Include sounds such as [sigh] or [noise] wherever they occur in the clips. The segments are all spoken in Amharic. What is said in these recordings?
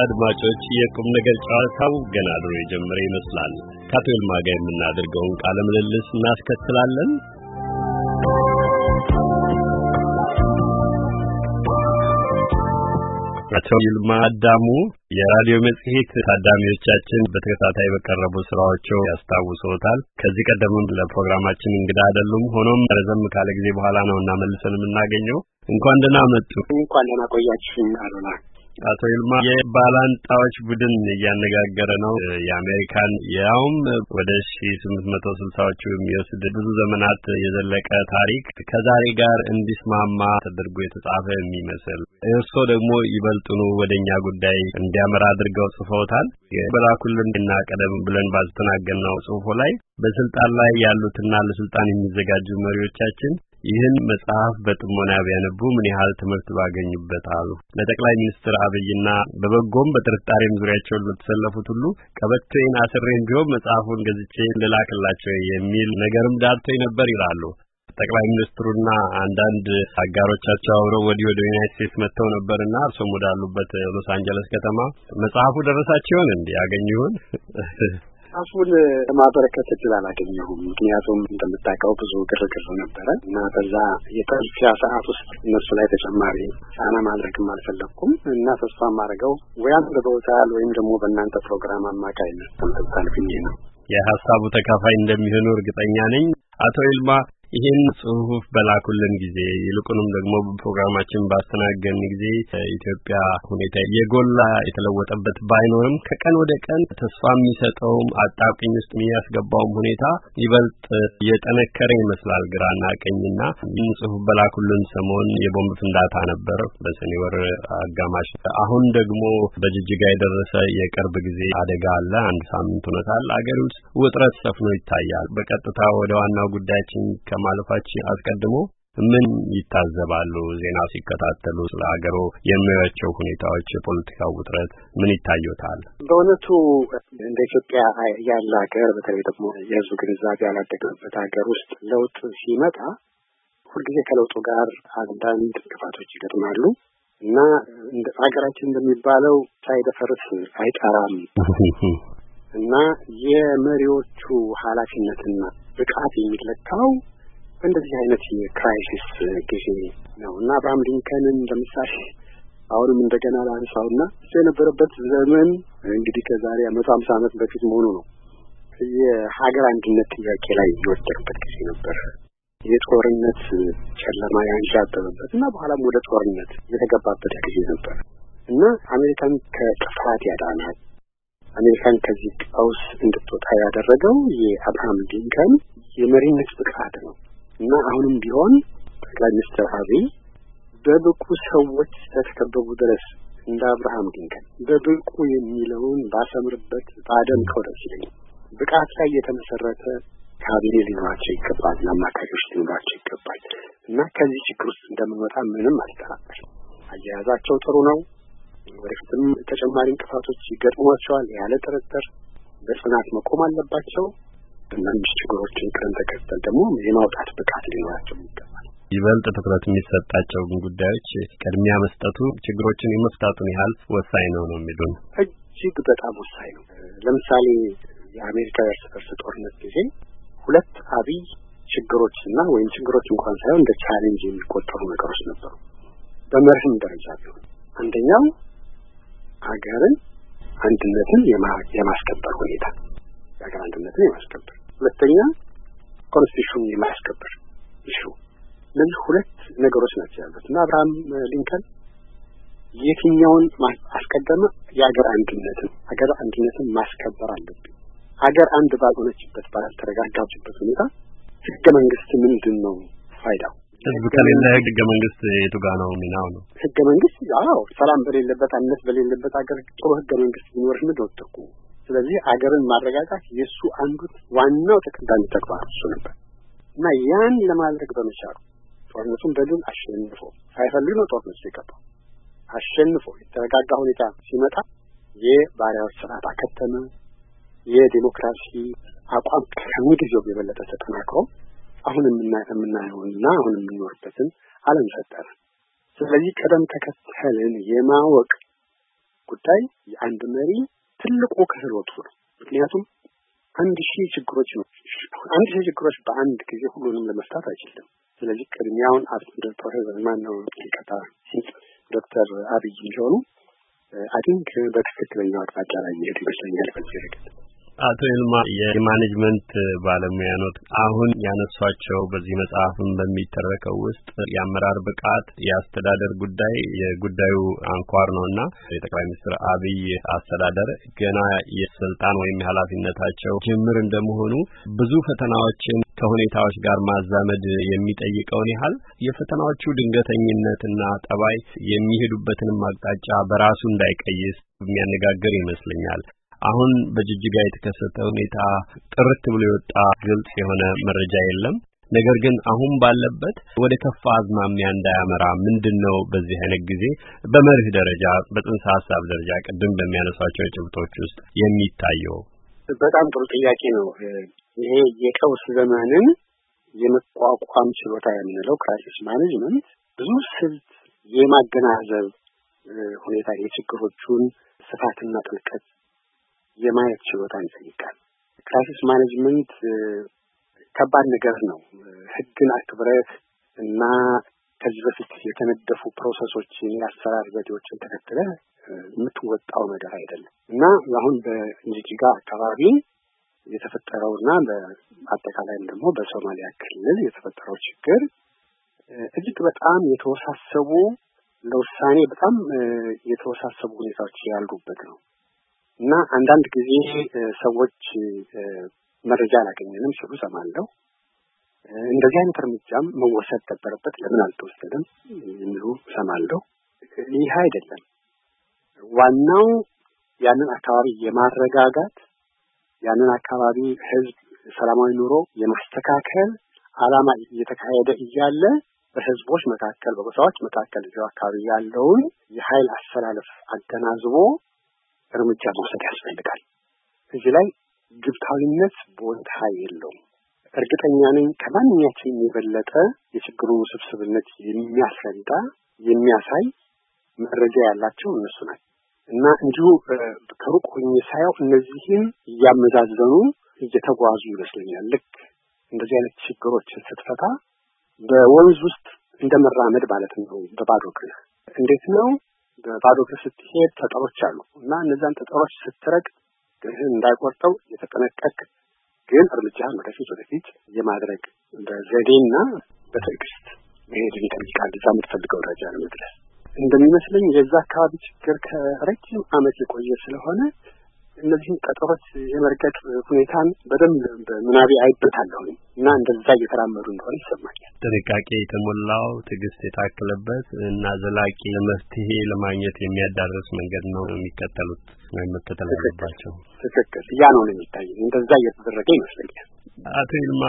አድማጮች የቁም ነገር ጨዋታው ገና ድሮ የጀመረ ይመስላል። ከአቶ ይልማ ጋር የምናደርገውን ቃለ ምልልስ እናስከትላለን። አቶ ይልማ አዳሙ የራዲዮ መጽሔት ታዳሚዎቻችን በተከታታይ በቀረቡ ስራዎቸው ያስታውሰውታል። ከዚህ ቀደምም ለፕሮግራማችን እንግዳ አይደሉም። ሆኖም ረዘም ካለ ጊዜ በኋላ ነው እና መልሰን የምናገኘው። እንኳን ደህና መጡ። እንኳን ደህና ቆያችሁ አሉና አቶ ይልማ የባላንጣዎች ቡድን እያነጋገረ ነው። የአሜሪካን ያውም ወደ ሺ ስምንት መቶ ስልሳዎቹ የሚወስድ ብዙ ዘመናት የዘለቀ ታሪክ ከዛሬ ጋር እንዲስማማ ተደርጎ የተጻፈ የሚመስል እርስዎ ደግሞ ይበልጥኑ ወደ እኛ ጉዳይ እንዲያመራ አድርገው ጽፈውታል። በላኩልን እና ቀደም ብለን ባስተናገድነው ጽሁፎ ላይ በስልጣን ላይ ያሉትና ለስልጣን የሚዘጋጁ መሪዎቻችን ይህን መጽሐፍ በጥሞና ቢያነቡ ምን ያህል ትምህርት ባገኙበት አሉ። ለጠቅላይ ሚኒስትር አብይና በበጎም በጥርጣሬም ዙሪያቸውን ለተሰለፉት ሁሉ ቀበቶዬን አስሬን ቢሆን መጽሐፉን ገዝቼ ልላክላቸው የሚል ነገርም ዳብቶኝ ነበር ይላሉ። ጠቅላይ ሚኒስትሩና አንዳንድ አጋሮቻቸው አብረው ወዲህ ወደ ዩናይት ስቴትስ መጥተው ነበርና እርሶም ወዳሉበት ሎስ አንጀለስ ከተማ መጽሐፉ ደረሳቸው ይሆን እንዲ ያገኙ ይሆን? መጽሐፉን ለማበረከት እድል አላገኘሁም። ምክንያቱም እንደምታውቀው ብዙ ግርግር ነበረ እና በዛ የጠልፊያ ሰዓት ውስጥ እነሱ ላይ ተጨማሪ ጫና ማድረግም አልፈለግኩም እና ተስፋ ማድረገው ወይ ብበውታል ወይም ደግሞ በእናንተ ፕሮግራም አማካይነት ነው። የሀሳቡ ተካፋይ እንደሚሆኑ እርግጠኛ ነኝ። አቶ ይልማ ይህን ጽሁፍ በላኩልን ጊዜ ይልቁንም ደግሞ በፕሮግራማችን ባስተናገን ጊዜ ኢትዮጵያ ሁኔታ የጎላ የተለወጠበት ባይኖርም ከቀን ወደ ቀን ተስፋ የሚሰጠውም አጣብቅኝ ውስጥ የሚያስገባውም ሁኔታ ይበልጥ የጠነከረ ይመስላል። ግራና ቀኝና ይህን ጽሁፍ በላኩልን ሰሞን የቦምብ ፍንዳታ ነበር በሰኔ ወር አጋማሽ። አሁን ደግሞ በጅጅጋ የደረሰ የቅርብ ጊዜ አደጋ አለ። አንድ ሳምንት ሆኖታል። አገር ውስጥ ውጥረት ሰፍኖ ይታያል። በቀጥታ ወደ ዋናው ጉዳያችን ከ ከማለፋችን አስቀድሞ ምን ይታዘባሉ? ዜና ሲከታተሉ ስለ ሀገሩ የሚያቸው ሁኔታዎች፣ የፖለቲካ ውጥረት ምን ይታዩታል? በእውነቱ እንደ ኢትዮጵያ ያለ ሀገር በተለይ ደግሞ የህዝብ ግንዛቤ ያላደገበት ሀገር ውስጥ ለውጥ ሲመጣ ሁልጊዜ ከለውጡ ጋር አንዳንድ እንቅፋቶች ይገጥማሉ እና ሀገራችን እንደሚባለው ሳይደፈርስ አይጠራም [laughs] እና የመሪዎቹ ኃላፊነትና ብቃት የሚለካው በእንደዚህ አይነት የክራይሲስ ጊዜ ነው እና አብርሃም ሊንከንን ለምሳሌ አሁንም እንደገና ላንሳው እና እሱ የነበረበት ዘመን እንግዲህ ከዛሬ መቶ ሀምሳ ዓመት በፊት መሆኑ ነው። የሀገር አንድነት ጥያቄ ላይ የወደቅበት ጊዜ ነበር። የጦርነት ጨለማ ያንዣበበበት እና በኋላም ወደ ጦርነት የተገባበት ጊዜ ነበር እና አሜሪካን ከጥፋት ያዳናል አሜሪካን ከዚህ ቀውስ እንድትወጣ ያደረገው የአብርሃም ሊንከን የመሪነት ብቃት እና አሁንም ቢሆን ጠቅላይ ሚኒስትር አብይ በብቁ ሰዎች እስከተከበቡ ድረስ እንደ አብርሃም ሊንከን በብቁ የሚለውን ባሰምርበት በአደም ከወደስ ይለኛል ብቃት ላይ የተመሰረተ ካቢኔ ሊኖራቸው ይገባል፣ አማካሪዎች ሊኖራቸው ይገባል እና ከዚህ ችግር ውስጥ እንደምንወጣ ምንም አልጠራጠር። አያያዛቸው ጥሩ ነው። ወደፊትም ተጨማሪ እንቅፋቶች ይገጥሟቸዋል ያለ ጥርጥር በጽናት መቆም አለባቸው። አንዳንድ ችግሮችን ቅደም ተከተል ደግሞ የማውጣት ብቃት ሊኖራቸው ይገባል። ይበልጥ ትኩረት የሚሰጣቸውን ጉዳዮች ቅድሚያ መስጠቱ ችግሮችን የመፍታቱን ያህል ወሳኝ ነው ነው የሚሉን። እጅግ በጣም ወሳኝ ነው። ለምሳሌ የአሜሪካ የእርስ በርስ ጦርነት ጊዜ ሁለት አብይ እና ወይም ችግሮች እንኳን ሳይሆን እንደ ቻሌንጅ የሚቆጠሩ ነገሮች ነበሩ። በመርህም ደረጃ ቢሆን አንደኛው ሀገርን አንድነትን የማስከበር ሁኔታ የሀገር አንድነትን የማስከበር ሁለተኛ ኮንስቲቱሽን የማያስከብር ኢሹ። እነዚህ ሁለት ነገሮች ናቸው ያሉት እና አብርሃም ሊንከን የትኛውን አስቀደመ? የሀገር አንድነትን ሀገር አንድነትን ማስከበር አለብኝ። ሀገር አንድ ባልሆነችበት ባልተረጋጋችበት ሁኔታ ህገ መንግስት ምንድን ነው ፋይዳው? ህዝብ ከሌለ ህገ መንግስት የቱ ጋ ነው ሚናው ነው? ህገ መንግስት አዎ፣ ሰላም በሌለበት አንድነት በሌለበት ሀገር ጥሩ ህገ መንግስት ቢኖር ምድ ወጥቁ ስለዚህ አገርን ማረጋጋት የእሱ አንዱ ዋናው ተቀዳሚ ተግባር እሱ ነበር እና ያን ለማድረግ በመቻሉ ጦርነቱን በድል አሸንፎ ሳይፈልግ ነው ጦርነት የገባው። አሸንፎ የተረጋጋ ሁኔታ ሲመጣ የባሪያዎች ስርዓት አከተመ። የዴሞክራሲ አቋም ከሚጊዜው የበለጠ ተጠናክሮ አሁን የምናየውን የምናየውንና አሁን የምንኖርበትን አለም ፈጠረ። ስለዚህ ቀደም ተከተልን የማወቅ ጉዳይ የአንድ መሪ ትልቁ ክህሎቱ ነው። ምክንያቱም አንድ ሺህ ችግሮች ነው። አንድ ሺህ ችግሮች በአንድ ጊዜ ሁሉንም ለመፍታት አይችልም። ስለዚህ ቅድሚያውን ፕሮፌሰር ማን ነው ሊቀጣ ዶክተር አብይ ቢሆኑ አይ ቲንክ በትክክለኛው አቅጣጫ ላይ እየሄዱ ይመስለኛል በዚህ ረገድ አቶ ይልማ የማኔጅመንት ባለሙያ ኖት። አሁን ያነሷቸው በዚህ መጽሐፍም በሚተረከው ውስጥ የአመራር ብቃት፣ የአስተዳደር ጉዳይ የጉዳዩ አንኳር ነው እና የጠቅላይ ሚኒስትር አብይ አስተዳደር ገና የስልጣን ወይም የኃላፊነታቸው ጅምር እንደመሆኑ ብዙ ፈተናዎችን ከሁኔታዎች ጋር ማዛመድ የሚጠይቀውን ያህል የፈተናዎቹ ድንገተኝነትና ጠባይ የሚሄዱበትንም አቅጣጫ በራሱ እንዳይቀይስ የሚያነጋግር ይመስለኛል። አሁን በጅጅጋ የተከሰተ ሁኔታ ጥርት ብሎ የወጣ ግልጽ የሆነ መረጃ የለም። ነገር ግን አሁን ባለበት ወደ ከፋ አዝማሚያ እንዳያመራ ምንድን ነው በዚህ አይነት ጊዜ በመርህ ደረጃ በጽንሰ ሀሳብ ደረጃ ቅድም በሚያነሷቸው ጭብጦች ውስጥ የሚታየው? በጣም ጥሩ ጥያቄ ነው። ይሄ የቀውስ ዘመንን የመቋቋም ችሎታ የምንለው ክራይሲስ ማኔጅመንት ብዙ ስልት የማገናዘብ ሁኔታ የችግሮቹን ስፋትና ጥልቀት የማየት ችሎታን ይጠይቃል። ክራይሲስ ማኔጅመንት ከባድ ነገር ነው። ህግን አክብረት እና ከዚህ በፊት የተነደፉ ፕሮሰሶችን የአሰራር ዘዴዎችን ተከትለ የምትወጣው ነገር አይደለም እና አሁን በጅጅጋ አካባቢ የተፈጠረው እና በአጠቃላይም ደግሞ በሶማሊያ ክልል የተፈጠረው ችግር እጅግ በጣም የተወሳሰቡ ለውሳኔ በጣም የተወሳሰቡ ሁኔታዎች ያሉበት ነው። እና አንዳንድ ጊዜ ሰዎች መረጃ አላገኘንም ሲሉ ሰማለሁ። እንደዚህ አይነት እርምጃም መወሰድ ነበረበት፣ ለምን አልተወሰደም የሚሉ ሰማለሁ። ይህ አይደለም ዋናው። ያንን አካባቢ የማረጋጋት ያንን አካባቢ ህዝብ ሰላማዊ ኑሮ የማስተካከል አላማ እየተካሄደ እያለ በህዝቦች መካከል በጎሳዎች መካከል እዚያው አካባቢ ያለውን የኃይል አሰላለፍ አገናዝቦ እርምጃ መውሰድ ያስፈልጋል። እዚህ ላይ ግብታዊነት ቦታ የለውም። እርግጠኛ ነኝ ከማንኛችንም የበለጠ የችግሩ ውስብስብነት የሚያስረዳ የሚያሳይ መረጃ ያላቸው እነሱ ናቸው እና እንዲሁ ከሩቅ ሆኜ ሳየው እነዚህም እያመዛዘኑ እየተጓዙ ይመስለኛል። ልክ እንደዚህ አይነት ችግሮችን ስትፈታ በወንዝ ውስጥ እንደመራመድ ማለት ነው። በባዶ እግር እንዴት ነው በባዶ እግር ስትሄድ ጠጠሮች አሉ እና እነዛን ጠጠሮች ስትረቅ እግርህን እንዳይቆርጠው የተጠነቀቅ ግን እርምጃህን ወደፊት ወደፊት የማድረግ ዘዴና በትዕግስት መሄድን ይጠይቃል። እዛ የምትፈልገው ደረጃ ለመድረስ እንደሚመስለኝ የዛ አካባቢ ችግር ከረጅም ዓመት የቆየ ስለሆነ እነዚህን ቀጠሮች የመርቀቅ ሁኔታን በደንብ በምናቤ አይበታለሁ እና እንደዛ እየተራመዱ እንደሆነ ይሰማኛል። ጥንቃቄ የተሞላው ትዕግስት የታከለበት እና ዘላቂ መፍትሄ ለማግኘት የሚያዳርስ መንገድ ነው የሚከተሉት ወይም መከተል ያለባቸው። ትክክል። ያ ነው የሚታይ። እንደዛ እየተደረገ ይመስለኛል። አቶ ይልማ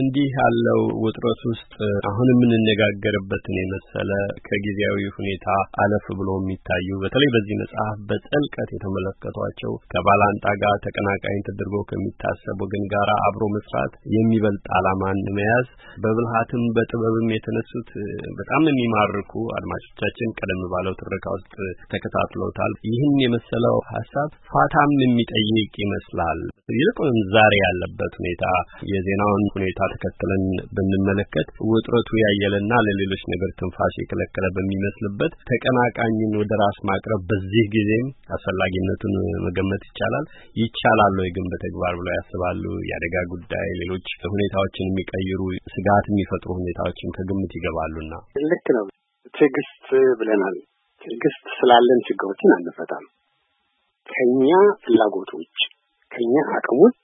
እንዲህ ያለው ውጥረት ውስጥ አሁን የምንነጋገርበትን የመሰለ ከጊዜያዊ ሁኔታ አለፍ ብሎ የሚታዩ በተለይ በዚህ መጽሐፍ በጥልቀት የተመለከቷቸው ከባላንጣ ጋር ተቀናቃኝ ተደርጎ ከሚታሰብ ወገን ጋር አብሮ መስራት የሚበልጥ አላማን መያዝ በብልሃትም በጥበብም የተነሱት በጣም የሚማርኩ አድማጮቻችን ቀደም ባለው ትረካ ውስጥ ተከታትለውታል። ይህን የመሰለው ሀሳብ ፋታም የሚጠይቅ ይመስላል። ይልቁንም ዛሬ ያለበት ሁኔታ የዜናውን ሁኔታ ሁኔታ ተከትለን ብንመለከት ውጥረቱ ያየለና ለሌሎች ነገር ትንፋሽ የከለከለ በሚመስልበት ተቀናቃኝን ወደ ራስ ማቅረብ በዚህ ጊዜም አስፈላጊነቱን መገመት ይቻላል። ይቻላል ወይ ግን በተግባር ብለው ያስባሉ? የአደጋ ጉዳይ፣ ሌሎች ሁኔታዎችን የሚቀይሩ ስጋት የሚፈጥሩ ሁኔታዎችን ከግምት ይገባሉና ልክ ነው። ትዕግስት ብለናል። ትዕግስት ስላለን ችግሮችን አንፈታም። ከኛ ፍላጎቶች ከኛ አቅሞች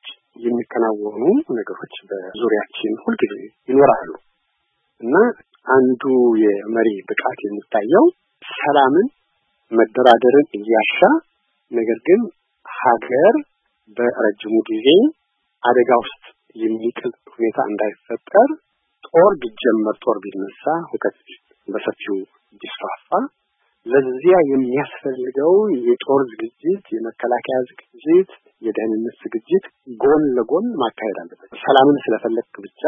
የሚከናወኑ ነገሮች በዙሪያችን ሁልጊዜ ይኖራሉ እና አንዱ የመሪ ብቃት የሚታየው ሰላምን፣ መደራደርን እያሻ ነገር ግን ሀገር በረጅሙ ጊዜ አደጋ ውስጥ የሚጥል ሁኔታ እንዳይፈጠር ጦር ቢጀመር ጦር ቢነሳ ሁከት በሰፊው ቢስፋፋ ለዚያ የሚያስፈልገው የጦር ዝግጅት፣ የመከላከያ ዝግጅት፣ የደህንነት ዝግጅት ጎን ለጎን ማካሄድ አለበት። ሰላምን ስለፈለግክ ብቻ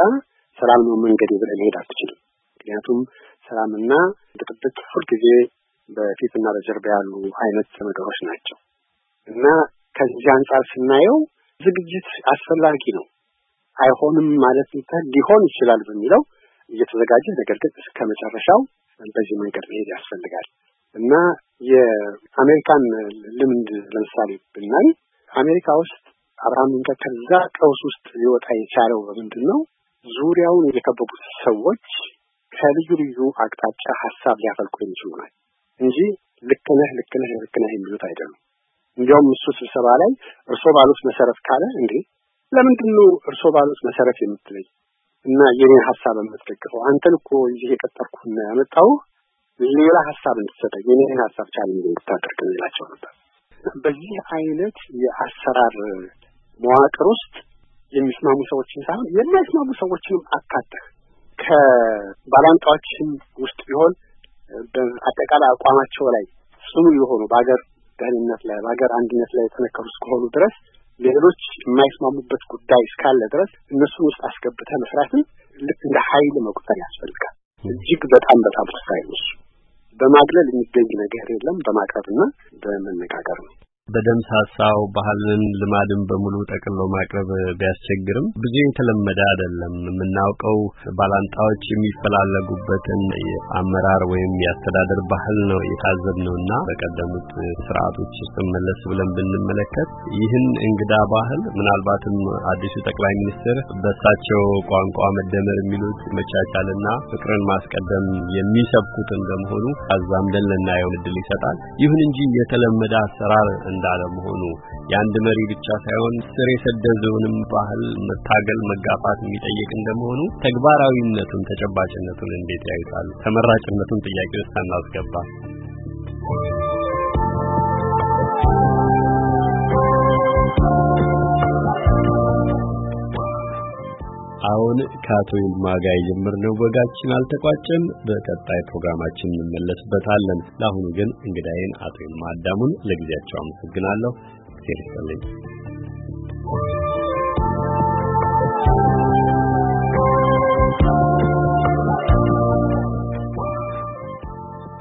ሰላም ነው መንገድ ብለህ መሄድ አትችልም። ምክንያቱም ሰላምና ብጥብጥ ሁልጊዜ በፊትና በጀርባ ያሉ አይነት ነገሮች ናቸው እና ከዚህ አንጻር ስናየው ዝግጅት አስፈላጊ ነው። አይሆንም ማለት ሊሆን ይችላል በሚለው እየተዘጋጀ ነገር ግን እስከ መጨረሻው በዚህ መንገድ መሄድ ያስፈልጋል። እና የአሜሪካን ልምድ ለምሳሌ ብናይ አሜሪካ ውስጥ አብርሃም ሊንከን ከዛ ቀውስ ውስጥ ሊወጣ የቻለው በምንድን ነው? ዙሪያውን የከበቡት ሰዎች ከልዩ ልዩ አቅጣጫ ሀሳብ ሊያፈልቁ የሚችሉ ናቸው እንጂ ልክነህ ልክነህ ልክነህ የሚሉት አይደሉም። እንዲያውም እሱ ስብሰባ ላይ እርሶ ባሉት መሰረት ካለ እንዴ ለምንድን ነው እርሶ ባሉት መሰረት የምትለይ እና የኔን ሀሳብ የምትደግፈው? አንተን እኮ ይህ የቀጠርኩህና ያመጣሁህ ሌላ ሀሳብ እንድትሰጠኝ የኔን ሀሳብ ቻል እንድታደርግ እንላቸው ነበር። በዚህ አይነት የአሰራር መዋቅር ውስጥ የሚስማሙ ሰዎችን ሳይሆን የማይስማሙ ሰዎችንም አካተህ ከባላንጣዎችም ውስጥ ቢሆን በአጠቃላይ አቋማቸው ላይ ጽኑ የሆኑ በሀገር ደህንነት ላይ በሀገር አንድነት ላይ የተነከሩ እስከሆኑ ድረስ ሌሎች የማይስማሙበት ጉዳይ እስካለ ድረስ እነሱን ውስጥ አስገብተህ መስራትን ልክ እንደ ኃይል መቁጠር ያስፈልጋል። እጅግ በጣም በጣም ወሳኝ ነው። በማግለል የሚገኝ ነገር የለም። በማቅረብና በመነጋገር ነው። በደምሳሳው ባህልን ልማድን በሙሉ ጠቅሎ ማቅረብ ቢያስቸግርም ብዙ የተለመደ አይደለም። የምናውቀው ባላንጣዎች የሚፈላለጉበትን የአመራር ወይም የአስተዳደር ባህል ነው የታዘብነው እና በቀደሙት ስርዓቶች ውስጥ መለስ ብለን ብንመለከት ይህን እንግዳ ባህል ምናልባትም አዲሱ ጠቅላይ ሚኒስትር በሳቸው ቋንቋ መደመር የሚሉት መቻቻልና ፍቅርን ማስቀደም የሚሰብኩት እንደመሆኑ አዛምደን ልናየው እድል ይሰጣል። ይሁን እንጂ የተለመደ አሰራር እንዳለመሆኑ የአንድ መሪ ብቻ ሳይሆን ስር የሰደዘውንም ባህል መታገል፣ መጋፋት የሚጠይቅ እንደመሆኑ ተግባራዊነቱን ተጨባጭነቱን እንዴት ያዩታሉ? ተመራጭነቱን ጥያቄ ውስጥ አናስገባ። አሁን ከአቶ ይልማ ጋር የጀመርነው ወጋችን አልተቋጨም። በቀጣይ ፕሮግራማችን እንመለስበታለን። ለአሁኑ ግን እንግዳዬን አቶ ይልማ አዳሙን ለጊዜያቸው አመሰግናለሁ። ጊዜ